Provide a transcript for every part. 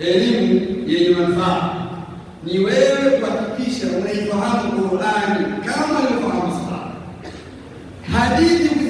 Elimu yenye manufaa ni wewe kuhakikisha unaifahamu Qur'ani kama ilivyofahamu sahaba hadithi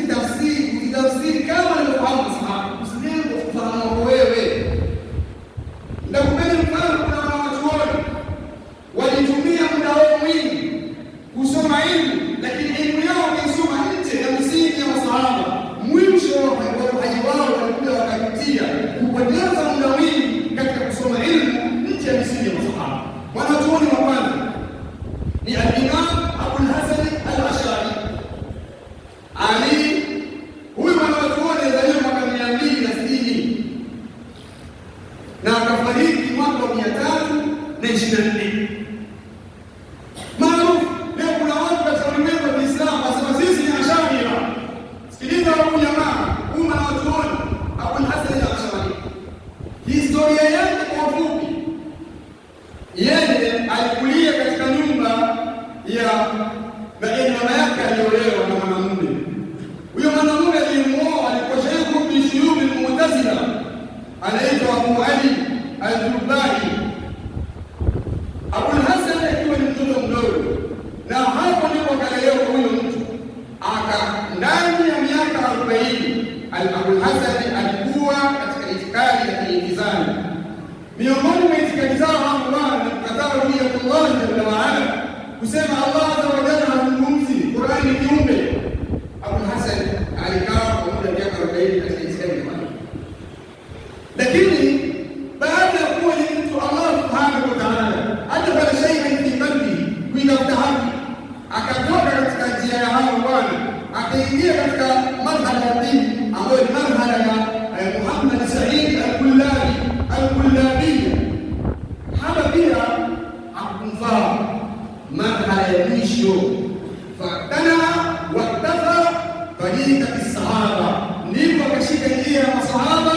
njia ya masahaba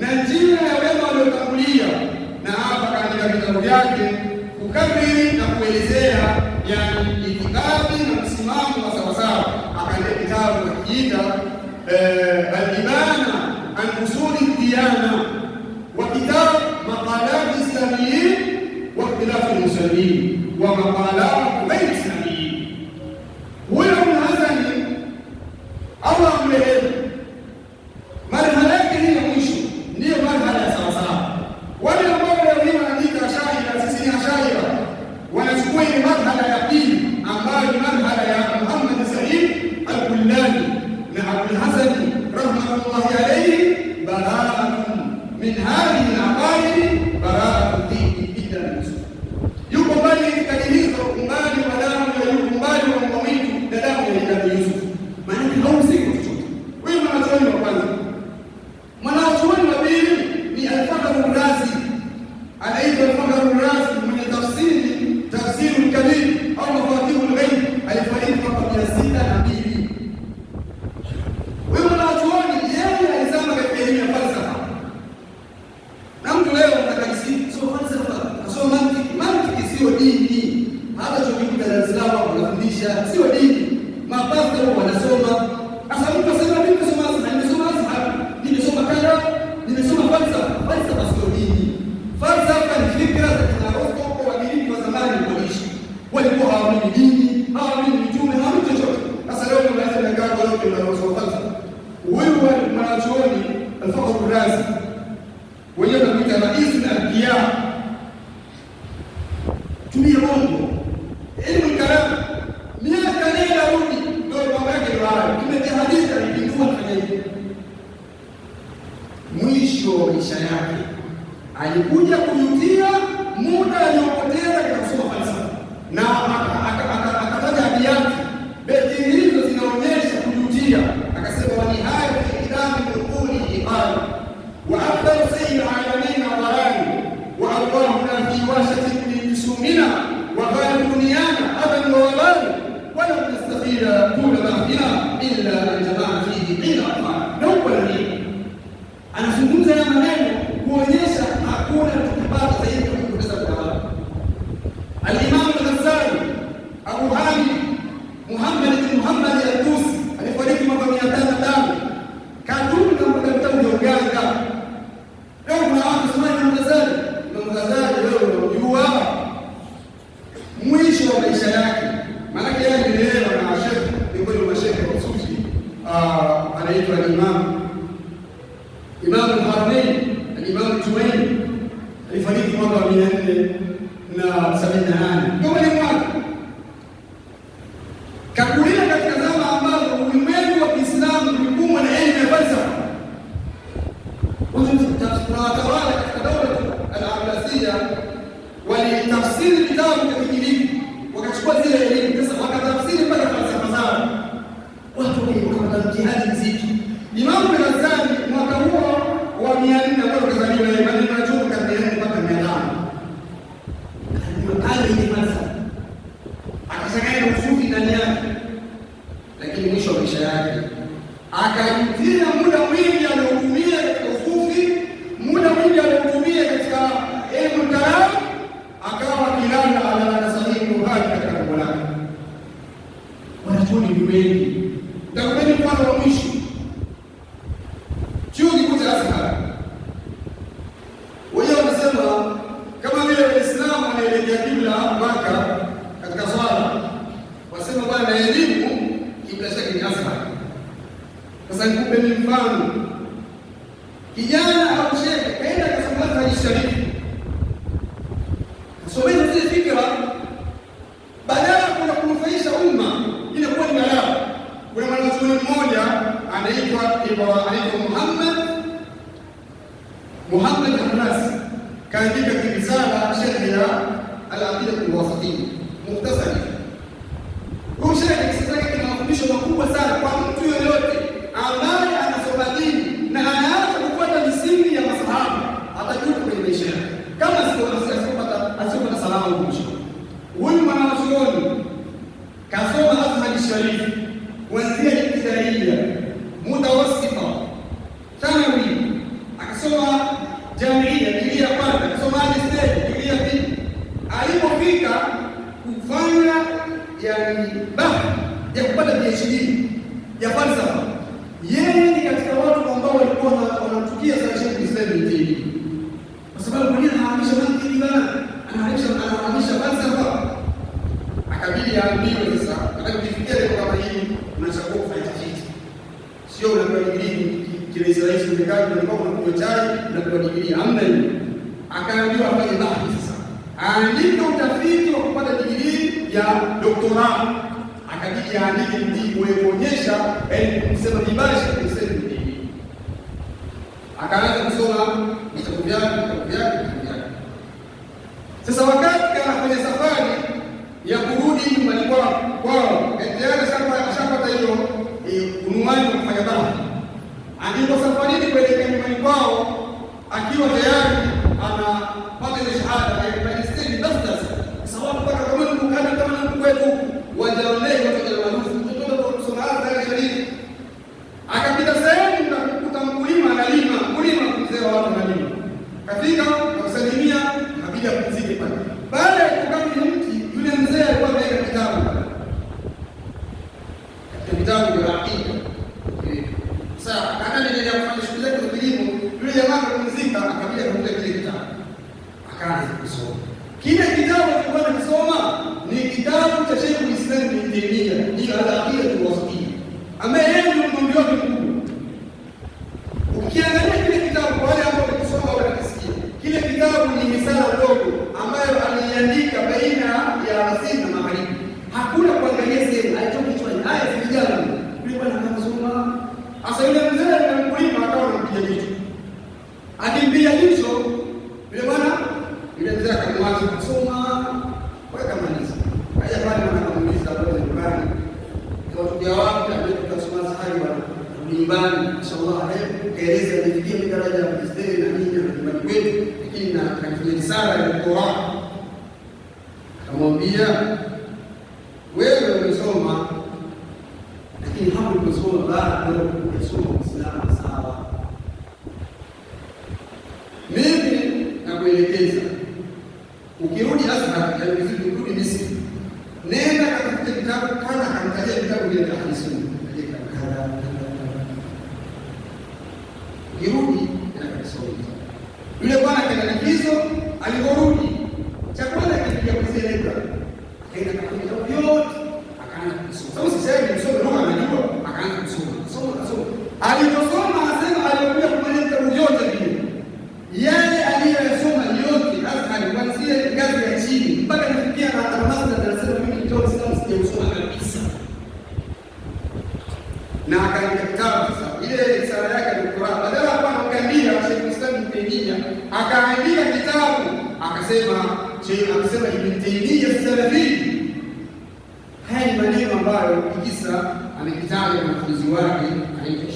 na njia ya wema waliotangulia, na hapa katika vitabu vyake kukabiri na kuelezea yani itikadi na msimamo wa sawasawa. Akaandika kitabu akijiita eh, Al-Ibana an Usuli Diyana wa kitabu Maqalat Islamiyin wa Ikhtilafu Lmuslimin wa maqalat ghairi islamiyin. Huyo Ibn Allah amrehemu umbali wa damu ya umbali wa mawili na damu ya Nabii Yusuf, maanake haumsiki chochote. Huyu mwanachuoni wa kwanza, mwanachuoni wa pili ni Al-Fakhr Razi, anaitwa Al-Fakhr Razi mwenye tafsiri tafsiri kamili au mafatihul ghaib, alifariki mwaka mia sita mwanachuoni yeye alizama katika elimu ya falsafa, na mtu leo mtakasi sio falsafa, sio kufundisha, sio dini. Mapasta huko wanasoma. Sasa mtu asema mimi nimesoma sana, nimesoma sana, nimesoma kana, nimesoma falsa. Falsa basi sio dini. Falsafa ni fikra za kitaroko kwa wagiriki wa zamani walioishi. Walikuwa hawaamini dini, hawaamini mitume, hawaamini chochote. Sasa leo tunaanza na gaga yote na roho falsafa. Huyu mwanachuoni Al-Fakhr Razi. Wenyewe wanamuita Rais na Al-Qiyam ifanyike mwaka wa mia nne na sabini na nane mengi. Nitakupeni mfano wa mwisho Almas kaandika kirisala sharhi ya Al-Aqida Al-Wasatiyya mukhtasari. Huu oh, sharhi kisa chake kina mafundisho makubwa sana kwa mtu yoyote ambaye anasoma dini na anaanza kufuata misingi ya masahaba, atajua kwenye maisha yake kama asipopata salama huko. Huyu mwanachuoni kasoma Azhari walikuwa wanamchukia sana Sheikh Hussein Mtini, kwa sababu mwenyewe anahamisha mantiki bana, anahamisha anahamisha falsafa. Akabidi aambiwe sasa, nataka kufikia leo kama hili unachagua kufanya kitu, sio unapewa digrii kile Israeli kimekana na kwa kunywa chai na kwa digrii hamna hiyo. Akaambiwa afanye bahthi sasa, aandike utafiti wa kupata digrii ya doktora, akabidi aandike mjibu, kuonyesha yaani kusema kibasha Hussein akaanza kusoma vitabu vyake vitabu vyake vitabu vyake. Sasa wakati anafanya safari ya kurudi nyumbani kwao, eh, tayari ashapata hiyo eh, unuani wa kufanya dhambi, alipo safarini kuelekea nyumbani kwao, akiwa tayari anapata ile shahada kazi kusoma. Kile kitabu kilikuwa nakisoma ni kitabu cha Sheikh Islam bin Taymiyyah, ni al-Aqidatu al-Wasitiyya, ambaye yeye ndio mgonjwa wake mkubwa. Ukiangalia kile kitabu, kwa wale ambao wamesoma watakisikia, kile kitabu ni misala ndogo ambayo aliandika baina ya Masini na Magharibi. Hakuna kuangalia sehemu alichokuwa kichwani, haya vijana kulikuwa na mazungumzo. Sasa yule mzee ni mkulima, akawa anampiga kitu akimbia lakini hapo iliposoma baraka leo kusoma Uislamu sawa. Mimi nakuelekeza ukirudi Azhar yaani kurudi Misri, nenda katafute kitabu kana angalia kitabu vya Ahlu Sunna ukirudi nakasoma yule bwana kaenda likizo, aliporudi cha kwanza akaenda kafuta akaanza kusoma sababu alichosoma anasema aliokuja kumaliza vitabu vyote vile, yale aliyoyasoma yote, hasa kuanzia ngazi ya chini mpaka nifikia na atamasa, anasema mimi kitabu Islamu sijausoma kabisa, na akaandika kitabu sasa. Ile risala yake alikuwa badala ya kuwa Sheikh Islam Ibn Taymiyyah, akaandika kitabu akasema, Sheikh akasema Ibn Taymiyyah Salafi. Haya ni maneno ambayo Idrisa amekitaja wanafunzi wake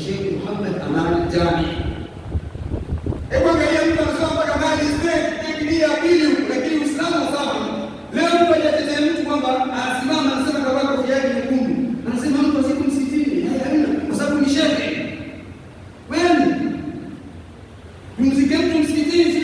Sheikh Muhammad Amani Hebu angalia mtu anasoma mpaka zake Biblia pili, lakini Uislamu sawa. Leo mtu anatetea mtu kwamba anasimama anasema kwa sababu kofia yake Anasema mtu msitini, haina kwa sababu ni shehe. Wewe mzike mtu msikitini,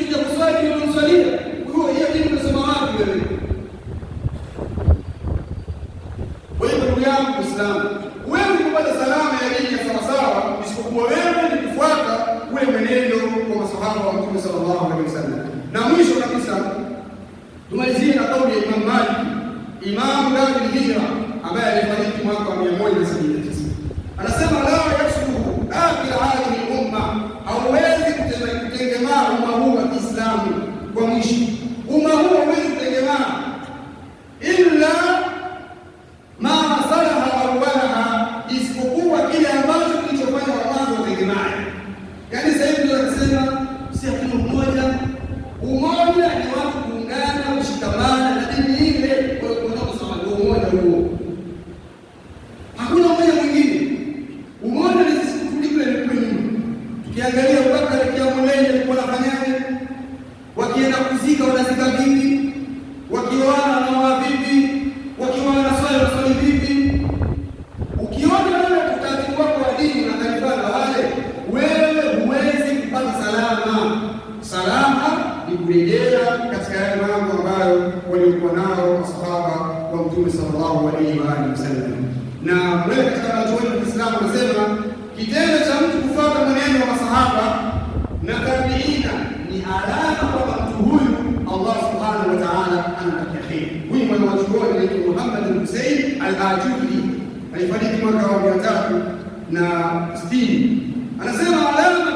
waliokuwa nao masahaba wa Mtume sallallahu alaihi wa alihi wasallam. Na mbele katika wanachuoni wa Kiislamu wanasema kitendo cha mtu kufuata mwenendo wa masahaba na tabiina ni alama kwamba mtu huyu Allah subhanahu wa ta'ala anamtakia kheri. Huyu mwana wa chuoni anaitwa Muhammad bin Hussein al-Ajuri alifariki mwaka wa mia na sitini anasema alama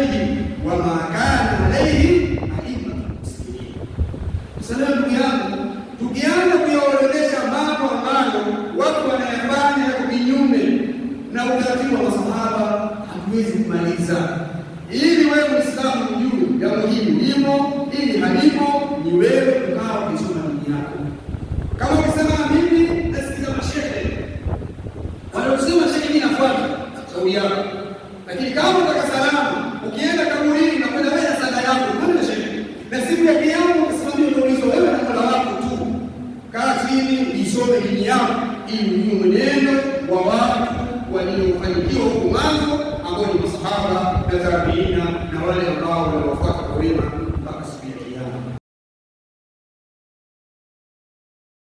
alaihi wa ma kana alaihi aima muslimin. ndugu yangu, tukianza mambo ambayo watu wanayafanya kinyume na utaratibu wa masahaba hatuwezi kumaliza. Ili wewe Muislamu ujue jambo hili limo, ili halimo, ni wewe kukaa vizuri na dini yako. Kama ukisema mimi nasikiza mashehe wanaosema shehe, nafuata yako, lakini kama siku ya Kiyama ukisimamia